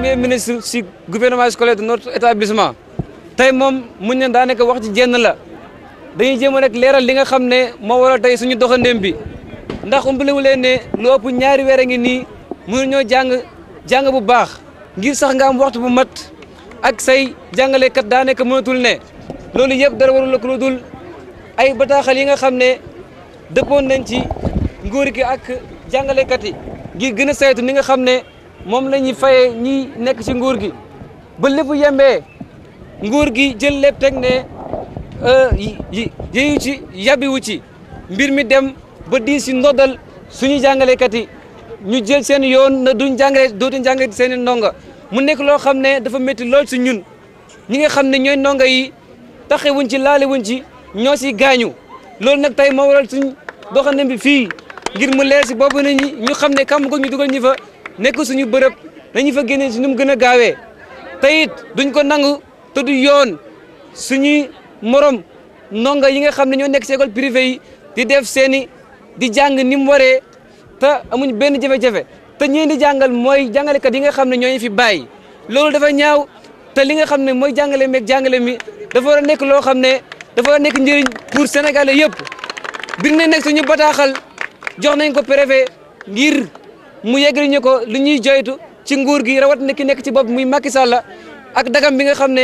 premier ministre si gouvernement scolaire de notre établissement tey moom muñ ne daanaka wax ci jenn la dañuy jéem a rek leeral li nga xam ne moo waral tey suñu doxandéem bi ndax umbaliwu leen ne lu ëpp ñaari weer a ngi nii mënuñoo jàng jàng bu baax ngir sax nga am waxtu bu mat ak say jàngalekat daanaka mënatul ne loolu yëpp dara warul la lu dul ay bataaxal yi nga xam ne dëppoon nañ ci nguur gi ak jàngalekat yi ngir gën saytu ni nga xam ne moom la ñuy fayee ñi nekk ci nguur gi ba lépp yembee nguur gi jël lépp teg ne euh, yeyu ci yabiwu ci mbir mi dem ba di si ndoddal suñu jàngalekat yi ñu jël seen yoon na duñ jàngale dootuñ jàngale seeni i mu nekk loo xam ne dafa métti lool si ñun ñi nga xam ne ñooy ndonga yi taxewuñ ci laalewuñ ci ñoo si gaañu loolu nag tey moo waral suñ doxandem bi fii ngir mu leer si boobu nit ñu xam ne kam ko ñu dugal ñi fa nekk suñu bërëb nañu fa génne si nu mu gën a gaawee te it duñ ko nangu te du yoon suñuy morom ndongo yi nga xam ne ñoo nekk si école privée yi di def seeni di jàng ni mu waree te amuñ benn jafe-jafe te ñeen di jàngal mooy jàngalekat yi nga xam ne ñoo ñu fi bàyyi loolu dafa ñaaw te li nga xam ne mooy jàngale meeg jàngale mi dafa war a nekk loo xam ne dafa war a nekk njëriñ pour sénégalais yëpp bir na nekk suñu bataaxal jox nañ ko préfet ngir mu yegg yeggali ñu ko li ñuy joytu ci nguur gi rawatina ki nekk ci bopp muy Macky Sall ak dagam bi nga xam ne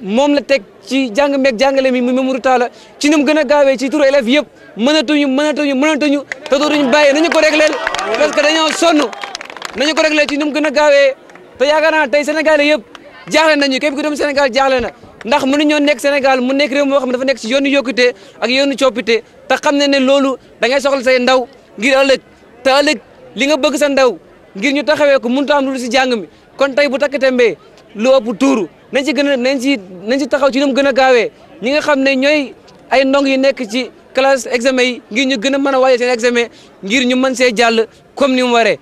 moom la teg ci jàng meeg jàngale mi muy Mamadou Talla ci ni mu gën a gaawee ci turu élèves yëpp mënatuñu mënatuñu mënatuñu te ñu bàyyi nañu ko régleel parce que dañoo sonn ñu ko régleel ci ni mu gën a gaawee te yaakaar naa tey Sénégal yëpp jaaxle nañu képp ku dem Sénégal jaaxle na ndax mënuñoo nekk Sénégal mu nekk réew moo xam ne dafa nekk ci yoonu yokkute ak yoonu coppite te xam ne ne loolu da soxla say ndaw ngir ëllëg li nga bëgg sa ndaw ngir ñu taxawee ko mënut a am lu si jàng kon tey bu takk tembee lu ëpp tuuru nañ ci gën a nañ ci nañ ci taxaw ci nu mu gën a gaawee ñi nga xam ne ñooy ay ndong yu nekk ci classe examen yi ngir ñu gën a mën a waajal seen examen ngir ñu mën see jàll comme ni mu waree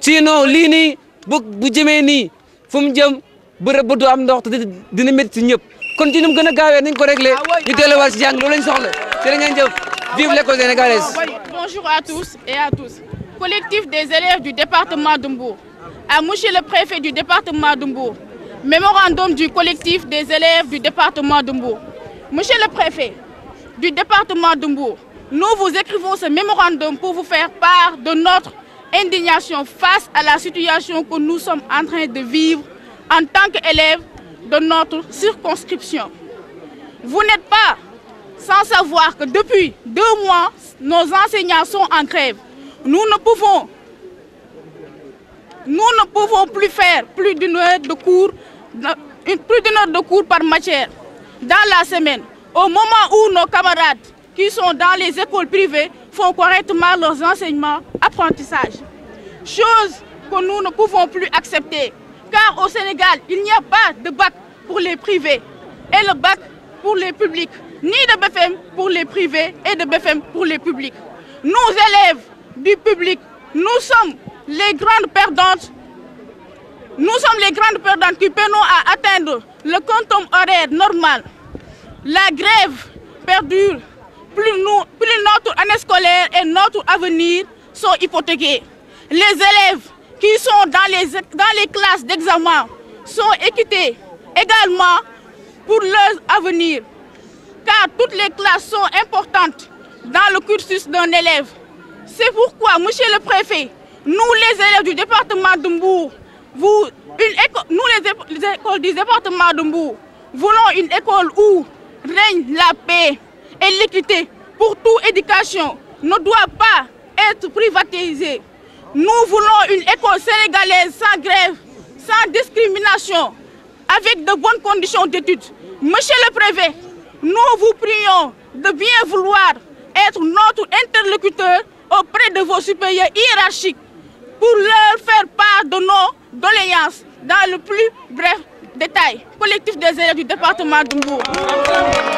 sinon lii nii bu bu jëmee nii fu mu jëm bërëb ba du am ndox te dina métti ci ñëpp kon ci nu mu gën a gaawee nañ ko réglé ah ñu ah delluwaat si jàng loolu lañ soxla ci la ngeen jëf ah vive l'école sénégalaise collectif des élèves du département d'Umbourg, à Monsieur le préfet du département d'Umbourg, mémorandum du collectif des élèves du département d'Umbourg. Monsieur le préfet du département d'Umbourg, nous vous écrivons ce mémorandum pour vous faire part de notre indignation face à la situation que nous sommes en train de vivre en tant qu'élèves de notre circonscription. Vous n'êtes pas sans savoir que depuis deux mois, nos enseignants sont en grève. Nous ne pouvons, nous ne pouvons plus faire plus d'une heure de cours, plus d'une de cours par matière dans la semaine. Au moment où nos camarades qui sont dans les écoles privées font correctement leurs enseignements, apprentissages. Chose que nous ne pouvons plus accepter, car au Sénégal, il n'y a pas de bac pour les privés et le bac pour les publics, ni de BFM pour les privés et de BFM pour les publics. Nos élèves du public. Nous sommes les grandes perdantes. Nous sommes les grandes perdantes qui peinons à atteindre le quantum horaire normal. La grève perdure. Plus, notre année scolaire et notre avenir sont hypothéqués. Les élèves qui sont dans les, dans les classes d'examen sont équités également pour leur avenir. Car toutes les classes sont importantes dans le cursus d'un élève. C'est pourquoi, monsieur le préfet, nous les élèves du département de nous les, écoles du département de voulons une école où règne la paix et l'équité pour toute éducation ne doit pas être privatisée. Nous voulons une école sénégalaise sans grève, sans discrimination, avec de bonnes conditions d'études. Monsieur le préfet, nous vous prions de bien vouloir être notre interlocuteur auprès de vos supérieurs hiérarchiques pour leur faire part de nos doléances dans le plus bref détail. Collectif des élèves du département de